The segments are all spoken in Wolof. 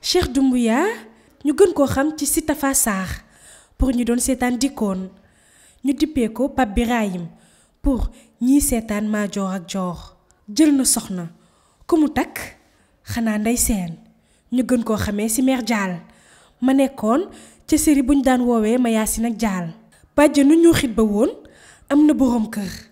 Cheikh Doumbouya ñu gën koo xam ci Sitafa Sarr pour ñu doon seetaan dikkoon ñu dippee ko Pape Birahim pour ñiy seetaan Madior ak Dior jël na soxna ku mu takk xanaa ndey seen ñu gën koo xamee ci Mère ma nekkoon ca série bu ñu daan woowee Mayacine ak Dial bàjjenu ñu xit ba woon am na boroom kër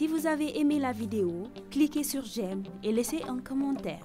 Si vous avez aimé la vidéo, cliquez sur j'aime et laissez un commentaire.